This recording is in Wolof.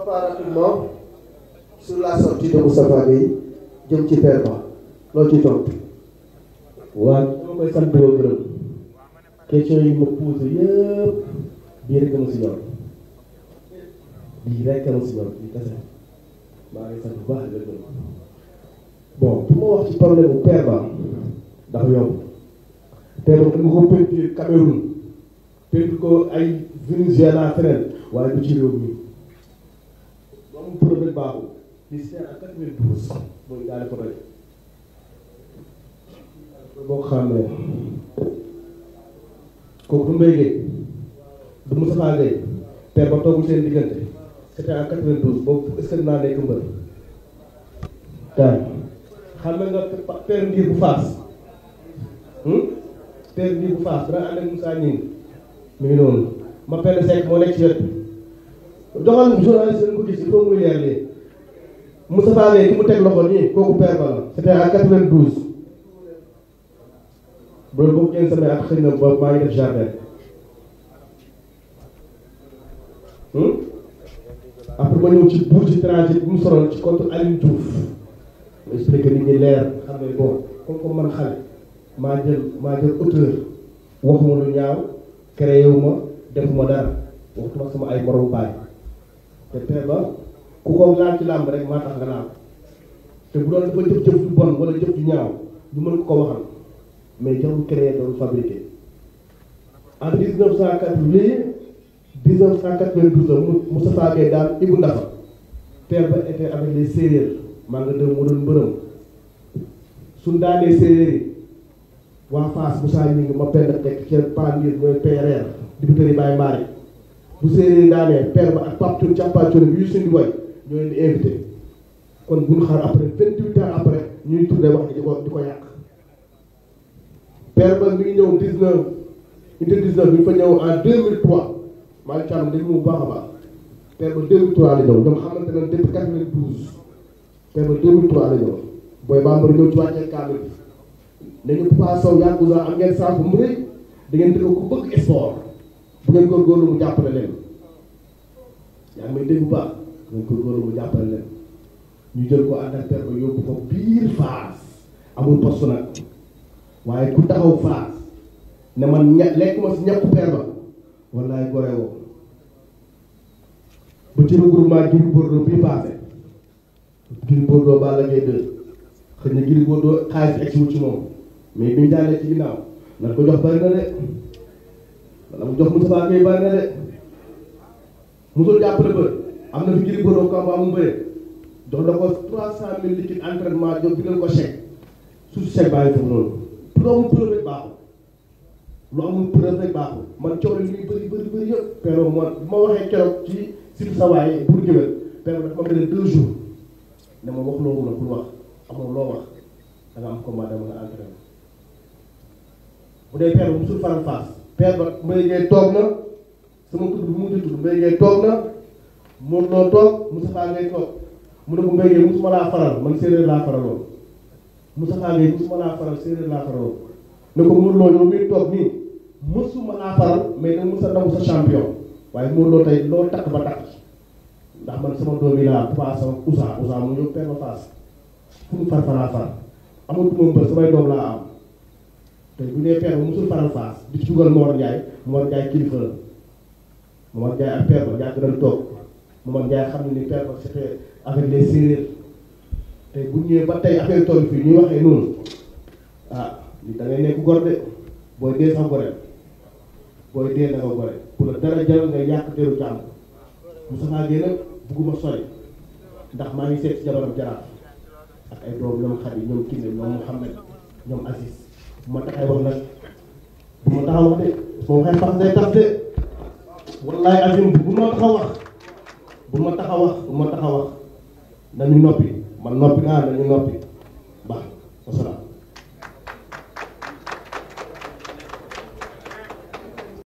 papa rapidement sur la sortie de Moustapha ci père ba loo ci tontu. waaw ñoo koy sant di ko gërëm question yi ma posé yëpp bii rek ma si ñor bii rek ma si ñor bii kese maa bon pour ma wax ci problème bu père ba dafa yomb père ko peinture Cameroun peinture ko ay Venezuela feneen waaye du ci réew baaxu lycée en 92 mooy daal ko bëri boo ko xam ne kooku du Mbaye Gueye du Moustapha Gueye ba toogul seen diggante c'était en 92 boobu est-ce que naa nekk mbër daal xam nga père Ndiir bu Faas hmm? père Ndiir bu Faas dana ànd ak Moussa Ñing mi ngi noonu ma père Seck moo nekk ci wet doxalin journaliste lañ ko gis il faut muy leer lii Moustapha Gueye ki mu teg loxo nii kooku père ba la c'était à 92 loolu boo ko génn samay at xëy na boobu maa ngi def jardin hmm? après ma ñëw ci buur ci transit mu soroon ci contre Aliou Diouf ma expliqué nit ñi leer xam ne bon comme comme man xale maa jël maa jël auteur waxuma lu ñaaw créé wu defuma dara waxtuma sama ay morom bàyyi te fexe ba ku ko laal ci làmb rek maa tax nga laal te bu doon dafa jëf jëf ju bon wala jëf ju ñaaw du mën ko ko waxal mais jarul créé jarul fabriqué en 1980 1992 la Moustapha Gueye daal Ibou Ndafa terre ba été avec les séeréer maa nga dem mu doon mbërëm suñ daanee séeréer yi waa Fass Moussa ñu ngi ma benn tekk ca Palandir mooy PRR député yi Baye Mbaari bu séeréer daanee père ba ak Pape Thion Thiapa Thion bi Youssou Ndoye ñoo leen di invité kon bu ñu xaar après vingt-huit ans après ñuy tourné wax di ko di ko yàq père ba mi ngi ñëw dix-neuf unité dix-neuf bi fa ñëw a deux mille trois maa ngi càmm dañ mu baax a baax père ba deux mille trois la ñëw ñoom xamante ne depuis quatre-vingt-douze père kaamil bi nañu Papa Sow yàggu am ngeen sànq mu rëy da ngeen di ko bëgg sport bu ngeen góorgóorlu mu jàppale leen yaa ngi may bu baax bu ngeen góorgóorlu mu jàppale leen ñu jël ko adapté ko yóbbu ko biir Fass amul poste nag waaye ku taxaw Fass ne man ña lekk ma si ñàkku peer ba wallaay gore woo ba ci regroupement Gris Bordeaux bii passé Gris Bordeaux Balla Gaye 2 xëy na Gris Bordeaux xaalis egg si wut ci moom mais bi daanee ci ginnaaw nañ ko jox bari na de. lam jox Moussa Gueye bari na de mosul jàppale ba am na fi ngir bëroo combat mu bëre jox na ko trois cent mille liquide entraînement jox bindal ko chèque suuf chèque bàyyi foofu noonu lu amul preuve rek baaxul lu amul preuve rek baaxul man coono li muy bëri bëri bëri yëpp pero ma ma waxee keroog ci sib sawaay pour géwél pero dafa ma beneen deux jours ma wax loolu la pour wax amoon loo wax da nga am combat dama la entraîné bu dee pero mosul faram face père ba Mbaye Gueye toog na sama tudd bu mu tudd Mbaye Gueye toog na moom loo toog Moustapha Gueye toog mu ne ko Mbaye Gueye musuma laa faral man séeréer laa faraloon Moustapha Gueye musuma ne ko Modou Lo laa faral mais da musa daw sa champion waaye Modou Lo tey loo takk ba takk ndax man sama doom yi laa Papa sama Ousa Ousa mu ñëw père ba Fass fu mu far faraa far amatuma mbër samay doom laa am te bu nee père ba mosul faral faas di jugal Mor Ndiaye Mor Ndiaye kilifa la Mor Ndiaye ak père ba yàgg nañ toog Mor Ndiaye xam ne ni père ba c'était bu ñëwee ba tey affaire tool fii ñuy waxee noonu ah da ngay la dara jaral nga yàq deru jàmm maa ngi seet ci jabaram jaraaf ak ay doom ñoom xarit ñoom Kine ñoom Mouhamed ñoom Aziz ma taxawoon nag bu ma taxaw wax de soo xay fax ngay tax de wallaay azim bu ma taxaw wax bu ma taxaw bu ma taxaw wax nañu noppi man noppi naa nañu noppi